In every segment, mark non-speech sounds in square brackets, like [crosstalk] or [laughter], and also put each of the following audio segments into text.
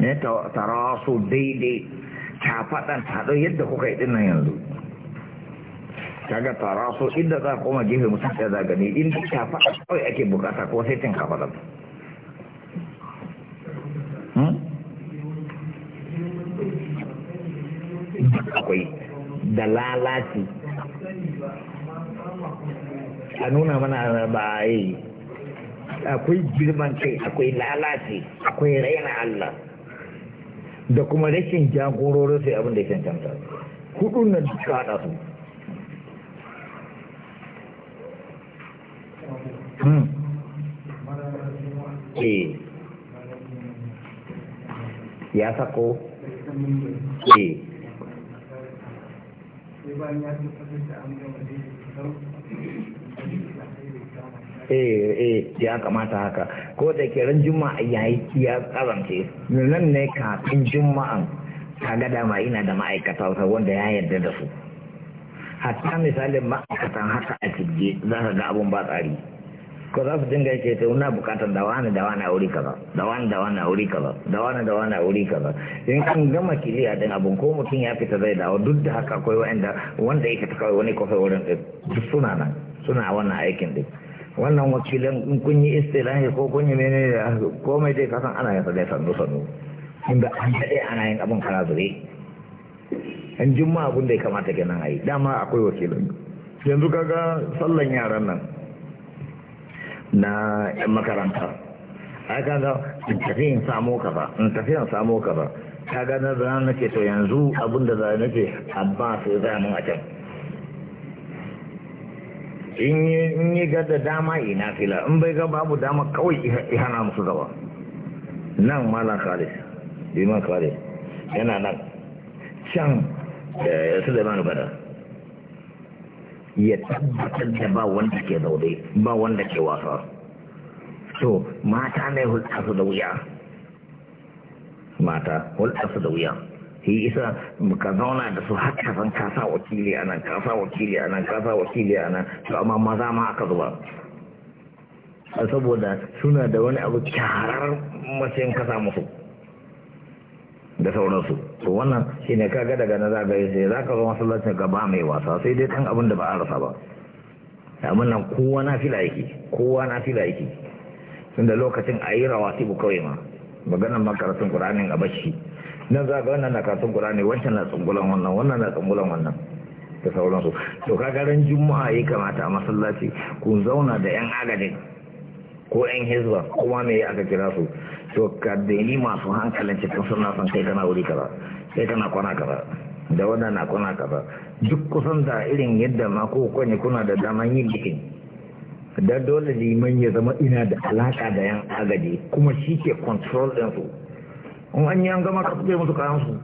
ne tarasu daidai ta kafaɗan taɗo yadda kuka yi ɗinnan yanzu kaga tarasu inda za koma gefe mutum ɗaya za gani in inda faɗa kawai ake bukata ko sai cin kafaɗan hmm? akwai da lalaci a nuna mana ba yi akwai girman kai akwai lalaci akwai raina Allah da kuma rashin jagororin sai abin da ya cancanta hudun nan duka su hmm. eh. ya sako bayan eh. ya eh eh ya kamata haka ko da ke ran juma'a yayi ya karance nan ne kafin juma'an kaga dama ina da ma'aikata wanda ya yarda da su hatta misalin ma'aikatan haka a cikin za ka ga abun ba tsari ko za su dinga yake ta wuna bukatar da wani da wani a wuri kaza da wani da wani a wuri kaza da wani da wani a wuri kaza in an gama kiliya din abun ko mutum ya fita zai dawo duk da haka akwai wanda wanda yake ta kawai wani kofar wurin duk suna nan suna wannan aikin din wannan wakilan in kun yi istilahi ko kun yi menene da komai dai kasan ana yasa dai sannu sannu inda an daɗe ana yin abin kana zure an jumma abin da ya kamata kenan a dama akwai wakilan yanzu kaga sallan yaran nan na yan makaranta ai kaga in tafi in samo ka ba in tafi in samo ka ba kaga na zana nake to yanzu abin da za nake abba sai za a can in yi ga da dama ina fila in bai ga babu dama kawai ihana musu gaba nan malam khalis liman khalis yana nan can eh, su da manu bada ya tabbatar da ba wanda ke zaune ba wanda ke wasa So, mata ne hulɗa su da wuya mata hulɗa su da wuya shi isa ka zauna da su haka zan kasa wakili a nan kasa wakili a nan kasa wakili a nan to amma maza ma aka zuba saboda suna da wani abu kyarar matsayin kasa musu da sauransu to wannan shi ne kaga daga na zagaye sai za ka zo masallacin gaba mai wasa sai dai kan abin da ba a rasa ba amma nan kowa na fila yake kowa na fila yake tunda lokacin a yi rawa tibu kawai ma maganar makarantun ƙuranin a bashi nan za ga wannan na karatun ne wancan na tsungulan wannan wannan na tsungulan wannan da sauransu to kaga ran juma'a ya kamata a masallaci ku zauna da yan agajin ko yan hizba kuma me aka kira su to ka daini masu hankalin cikin suna son kai kana wuri kaza kai kana kwana kaza da wannan na kwana kaza duk kusan da irin yadda ma ko kwanye kuna da daman yin bikin da dole liman ya zama ina da alaka da yan agaji kuma shi ke control su. in an yi an gama ka suke musu kayan su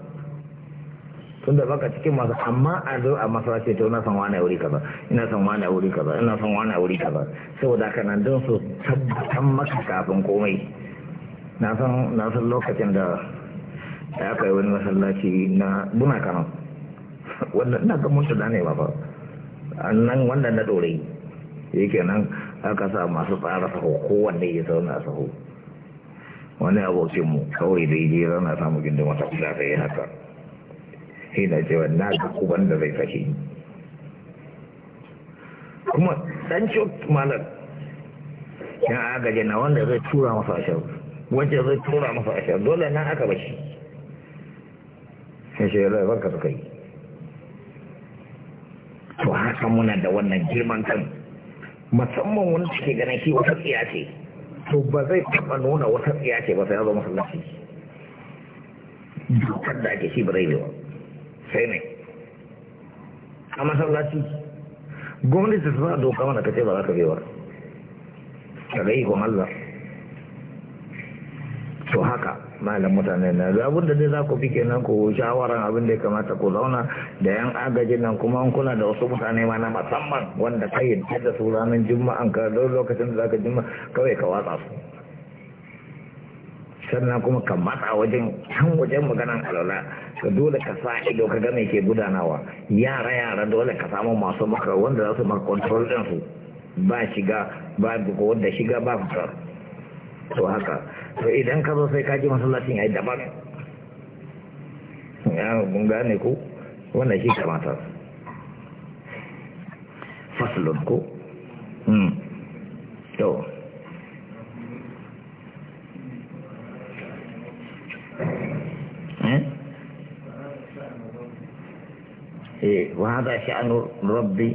tun da baka cikin masu amma a zo a masarace ta ina san wani wuri kaza ina san wani wuri kaza ina san wani wuri kaza saboda ka nan don su tabbatan maka kafin komai na san na san lokacin da ya aka yi wani masallaci na buna kano [laughs] wannan ina ga mutu da ne ba fa nan wanda na dore yake nan aka sa masu tsara sahu kowanne ya zauna a wani abokin mu kawai daidai rana samu gindin wata kula da yi haka shi na cewa na ga kuban da zai fashe kuma dan cok malar yan agaje na wanda zai tura masa a wajen zai tura masa a dole na aka bashi sai shi rai banka suka yi to haka muna da wannan girman kan musamman wani cike ganin shi wata tsiya ce to ba zai taɓa nuna wata tsiya ce ba sai zo masallaci dukkan da ake shi ba zai ba sai ne a masallaci gwamnati ta sa doka mana ka ce ba za ka bewa ka zai ikon Allah malam mutane na da abinda dai za ku fi kenan ku shawaran abin da ya kamata ku zauna da yan agajin nan kuma an kuna da wasu mutane ma na musamman wanda kai da su ranar juma'an ka don lokacin da zaka juma kawai ka watsa su sannan kuma ka matsa wajen can wajen maganan alala ka dole ka sa ido ka ga ke gudanawa yara yara dole ka samu masu maka wanda za su maka control din su ba shiga ba wanda shiga ba fitar to haka to idan ka zo sai ka ji masallacin ya yi daban ya mun gane ku wannan shi kamata faslun ku hmm. to eh, eh wa hada sha'anu rabbi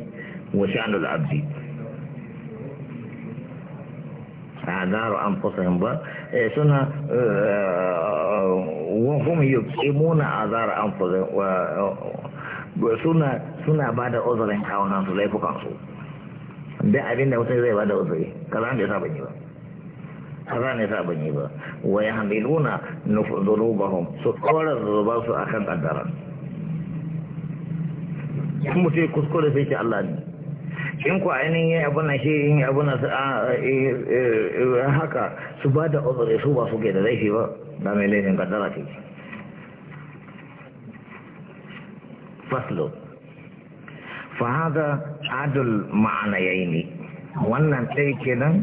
wa sha'anu al-abdi daru an fusahin ba suna wahum yuqimuna azara an fusahin suna suna ba da uzurin su laifukan su da abin da mutum zai ba da uzuri kaza ne sa ban ba kaza ne sa ban ba wa yahmiluna nufudurubahum su zuba su akan kaddara kuma sai kuskure sai ce Allah ne in ku ainihin abin na shi yin abin na eh, eh, eh, haka su ba da uzuri su ba su ke da laifi ba ba mai laifin kaddara ce faslo fahaza adul ma'ana ya yi ne wannan ke kenan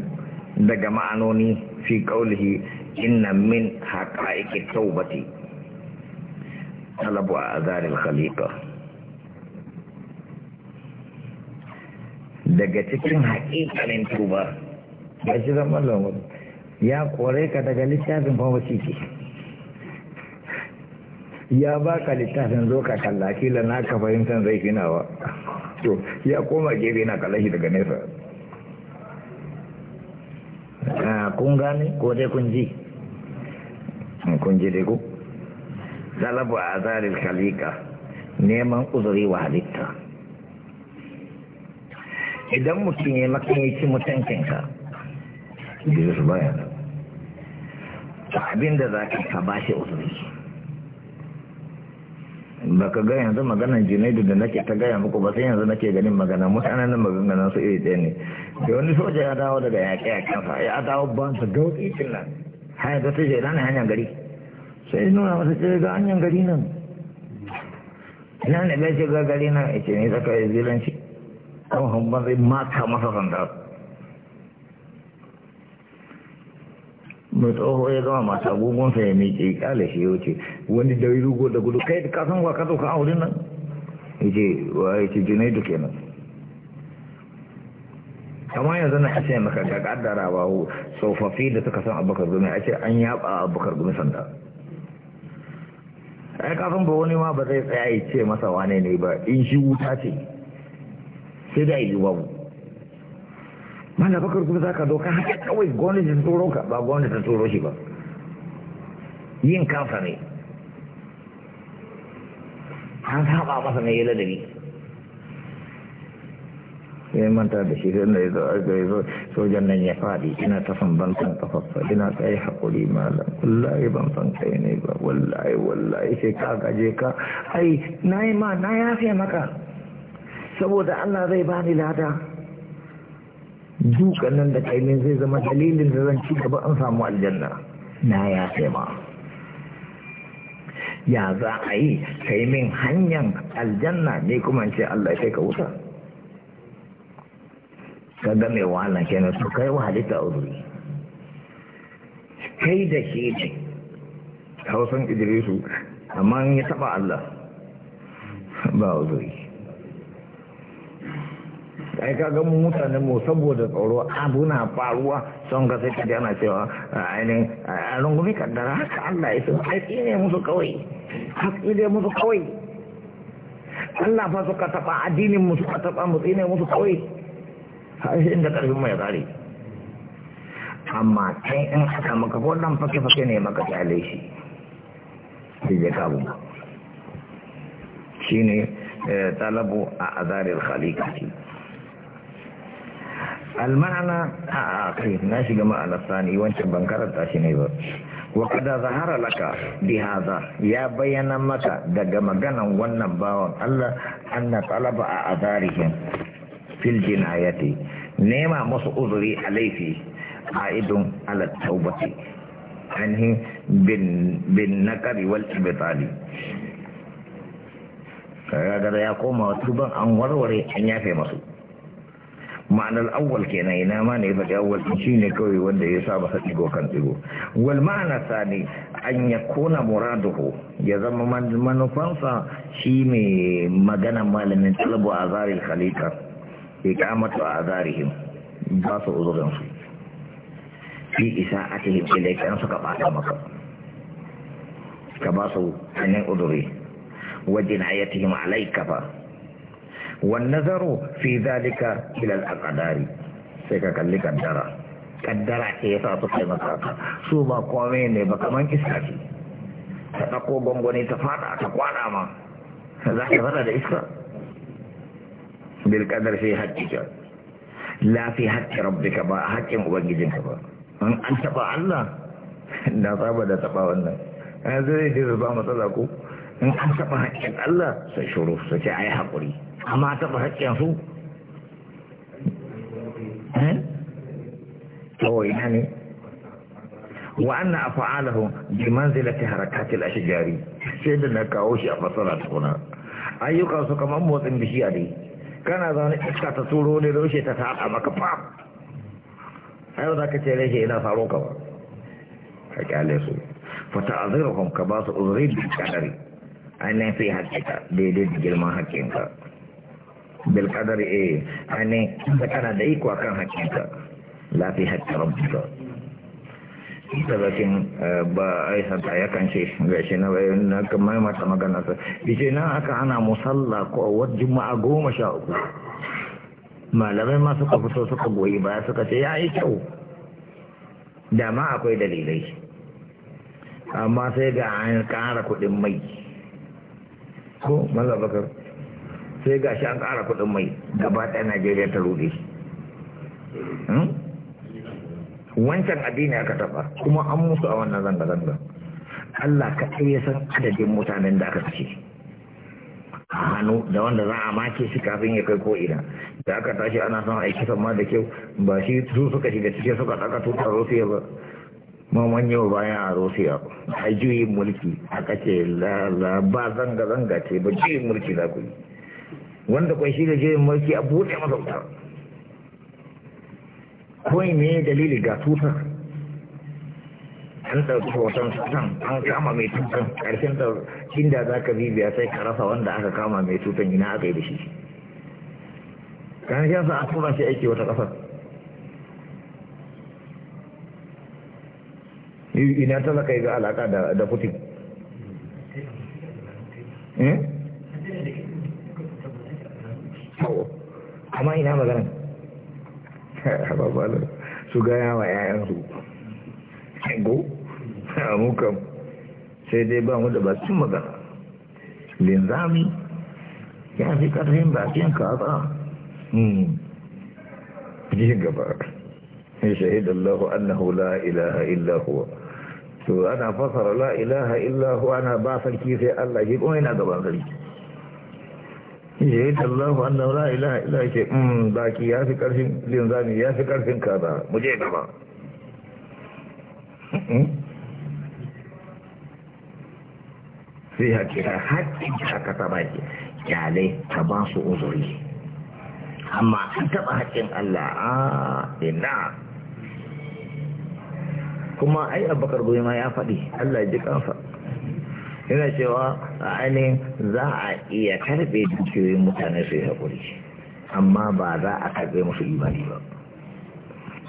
daga ma'anoni fi kaulihi inna min haƙa'iƙi taubati talabu a azarin Khalifa. daga cikin haƙiƙanin tuba ba shi zama lamar ya kore ka daga littafin famasi ke ya ba ka littafin zo ka kalla kila na ka fahimtar zai fi nawa to ya koma gefe na kalla shi daga nesa ah, kun gane ko dai kun ji hmm, kun ji dai ku zalabu a zarar kalika neman uzuri wa halitta idan mutum ya maka ya ci mutankinka idris bayan ta abin da za ka ba shi uzuri ba ka ga yanzu maganan junaidu da nake ta gaya muku ba sai yanzu nake ganin magana mutanen nan maganganan su iri ɗaya ne da wani soja ya dawo daga yaƙe a kansa ya dawo ba su gauɗi cinna nan hanyar ta tashi ɗana hanyar gari sai nuna masa ce eh, ga hanyar gari nan ina ne bai shiga gari nan ya ce ne zaka yi zilanci kan hamban zai mata masa sanda mai tsoho ya zama masu agogonsa ya miƙe ƙale shi ya wuce wani da yi rugo da gudu kai ka san wa ka ɗauka nan ya ce wa ya ce duke nan amma yanzu na ashe maka ga ƙaddara ba tsofaffi oh, da suka san abokar gumi a ce an yaba ah, abokar gumi sanda ai eh, kafin ba wani ma ba zai tsaya ya ce masa wane ne ba in shi wuta ce sai da yi babu mana bakar kuma zaka ka zo ka haka kawai gwamnati ta turo ka ba gwamnati ta turo shi ba yin kafa ne an saba masa ne ya ladabi ya manta da shi da ya zo aka yi sojan nan ya faɗi ina ta san ban san kafafa ina ta yi haƙuri malam wallahi ban san kai ne ba wallahi wallahi sai ka gaje ka ai na yi ma na yafe maka saboda Allah zai bani lada dukan nan da kai zai zama dalilin da zan ci gaba an samu aljanna na ya taima ya za a yi kai min hanyar aljanna ne kuma ce Allah sai ka wuta ka ga mai wahala kenan su kai wa halitta uzuri kai da shi ne hausan idrisu amma ya taba Allah ba uzuri ai kaga mu mutanen mu saboda tsoro abuna faruwa son ka sai kaje ana cewa ainihin a rungumi kaddara haka Allah ya so haƙi ne musu kawai haƙi ne musu kawai Allah fa suka taba addinin musu suka taba mu ne musu kawai har sai inda karfin mai ya amma kai in aka maka ko dan fake fake ne maka kyale shi sai ya kabu shine eh, talabu a azarir khaliqati المعنى أخير ناشي جماعة الثاني وانت بنكرت تاشيني بس وقد ظهر لك بهذا يا بيان مكا دقا مغانا وانا باون الله أن طلب أعذارهم في الجناية نيما مسؤولي عليه عائد على التوبة عنه بالنكر والإبطال kaga ya koma tuban an warware an yafe masu ma'anar awwal kenan ina ma ne faɗi awwal shi ne kawai wanda ya saba sa tsigo kan tsigo wal ma'ana sani an ya kona muraduhu ya zama manufansa shi ne magana malamin talabu a zari halika ya kamata a zarihim ba su uzurinsu fi isa a cikin ilaikan suka bada maka ka ba su hannun uzuri wajen ayatihim alaika wan nazaro fi zalika ila al-aqdari sai ka kalli kaddara kaddara ce ya sa suka yi maka su ba kwame ne ba kaman iska ce ta dako gwangwani ta fada ta kwada ma za ka fada da iska bil kadar sai haƙƙi ka la fi haƙƙi rabbika ba haƙƙin ubangijin ka ba an an taba Allah [laughs] na saba da taba wannan an zai yi jirba matsala ko in an taba haƙƙin Allah sai shuru sai ai haƙuri amma taɓa haƙƙinsu kawai eh? ina ne wa an na afa'alahu bi manzilati harakatil ashjari sai da na kawo shi a fasara tukuna ayyukan su kamar motsin bishiya ne kana zaune iska ta turo ne rushe ta taɗa maka fa. a yau za ka ce rage ina faro ka ba ka kyale su fata azirahum ka ba su uzuri da kadari ainihin fi hakika daidai da girman hakinka bil qadari eh ane da kana da iko kan hakika la fi hakki rabbika talatin eh, ba eh, aisata ya kance gashi na bayan eh, na kamar mata magana ta dice na aka ana musalla ko a wat juma'a goma sha uku malamai ma suka fito suka goyi baya suka ce ya yi kyau Dama akwai dalilai amma ah, sai ga an kara kuɗin mai ko maza bakar sai ga shi an ƙara kuɗin mai gaba ɗaya najeriya ta ruɗe shi hmm? wancan addini aka taɓa kuma an musu a wannan zanga-zanga allah kaɗai ya san adadin mutanen da aka kashe a hannu da wanda za a mace shi kafin ya kai ko ina da aka tashi ana son aiki sama da kyau ba shi su suka shiga cikin suka tsaka tuta rosiya ba ma yau bayan a rosiya a juyin mulki aka ce ba zanga-zanga ce ba juyin mulki za ku yi wanda kwai shi da jirin mulki a buɗe mazauta kawai me dalili ga tutar an ɗauki hoton tutan an kama mai tutan ƙarshen da inda za ka bibiya sai ka rasa wanda aka kama mai tutan ina aka yi da shi ƙarshen sa a tura shi aiki wata ƙasar ina talaka yi ga alaƙa da putin eh? amma ina magana babalar su gaya wa yayansu go a mukan sai dai ba mu da cin magana linzami ya fi ƙarfin bakin kaza hmm. ji gaba shahid Allah annahu la ilaha illahu. to ana fasara la ilaha illahu ana ba sarki sai Allah shi kuma yana gaban sarki ya yi tallahu an daura ila illa ke mm, baki ya fi karfin linzami ya fi karfin kaza mu je gaba sai hakira da haka ta baki kyale ta ba su uzuri amma an taɓa hakkin Allah a ah, ina kuma ai abakar goyi ma ya faɗi Allah ji kansa yana cewa a ainihin za a iya karbe dukiyoyin mutane su yi haƙuri amma ba za a karbe musu imani ba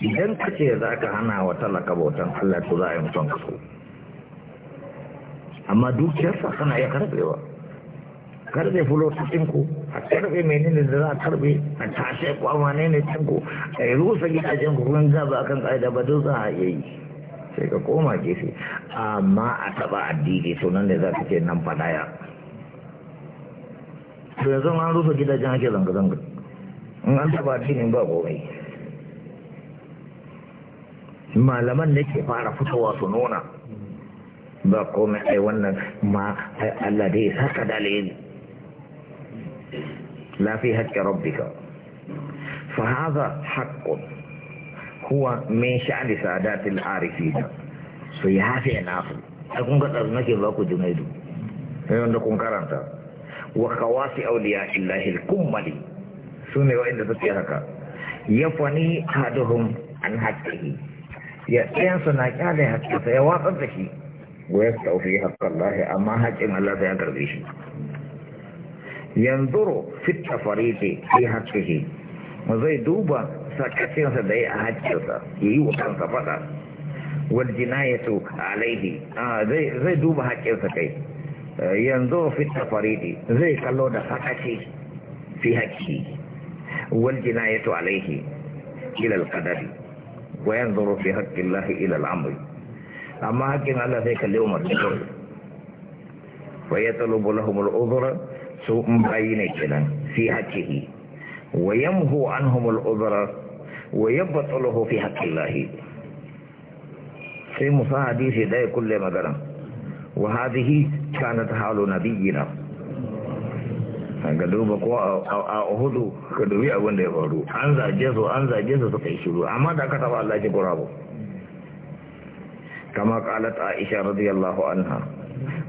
idan ka ce za ka hana wa talaka bautan allah to za a yi mutum so amma dukiyarsa kana iya karbe fulo karɓe fulotinku a karbe menene da za a karbe a tashe kwamane ne tinku a yi rusa gidajen kukurin gaba kan ƙa'ida ba duk za a iya yi sai ka koma gefe amma a taba addini sunan ne za ka ce nan fadaya to yanzu an rufe gidajen ake zanga-zanga in an taba addinin ba komai malaman da ke fara fitowa su nuna ba komai ai wannan ma ai Allah dai saka dalili la fi haƙƙi rabbika fa hadha haqqun huwa min da so ya su ya nafi ai kun ga tsaro nake ba ku junaidu sai wanda kun karanta wa khawasi awliya illahi al-kummali sune inda suke haka yafani haduhum an hakki ya tsayan su na kyale sai ya watsar da shi wa ya taufi haƙƙin amma haƙƙin Allah sai ya karbe shi yanzuru fit tafariti fi mu zai duba سكتين سدي أهجر يوتن سفر والجناية عليه آه زي زي دوب هكذا سكي ينظر في التفريد زي كلون فكشي في هكشي والجناية عليه إلى القدر وينظر في حق الله إلى الأمر أما حق الله ذيك اليوم الدكتور ويطلب لهم العذر سوء مبينة في حقه ويمهو عنهم العذر ويبطله في حق الله في موسى حديث ده كل مدرم وهذه كانت حال نبينا ga duba ko a hudu ga dubi abin da ya faru an zaje su an zaje su suka yi shiru amma da aka taba Allah gura gurabo kama qalat aisha radiyallahu anha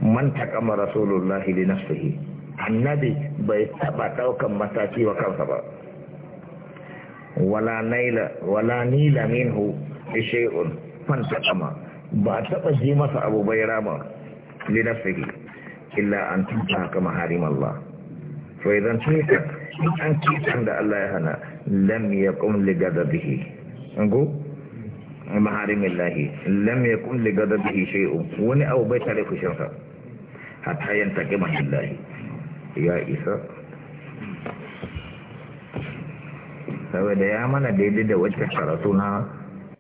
man taqama rasulullahi li nafsihi annabi bai taɓa ɗaukan mataki wa kansa ba wala naila wala nila minhu shay'un fantaqama ba taba ji masa abu bai rama li nafsihi illa an tunta kama harim Allah fa idan tunta an kitan da Allah ya hana lam yaqum li ghadabihi ango maharim Allah lam yaqum li ghadabihi shay'un wani abu bai tare kushin sa hatta yantaqima lillahi ya isa saboda ya mana daidai da wacce karatu na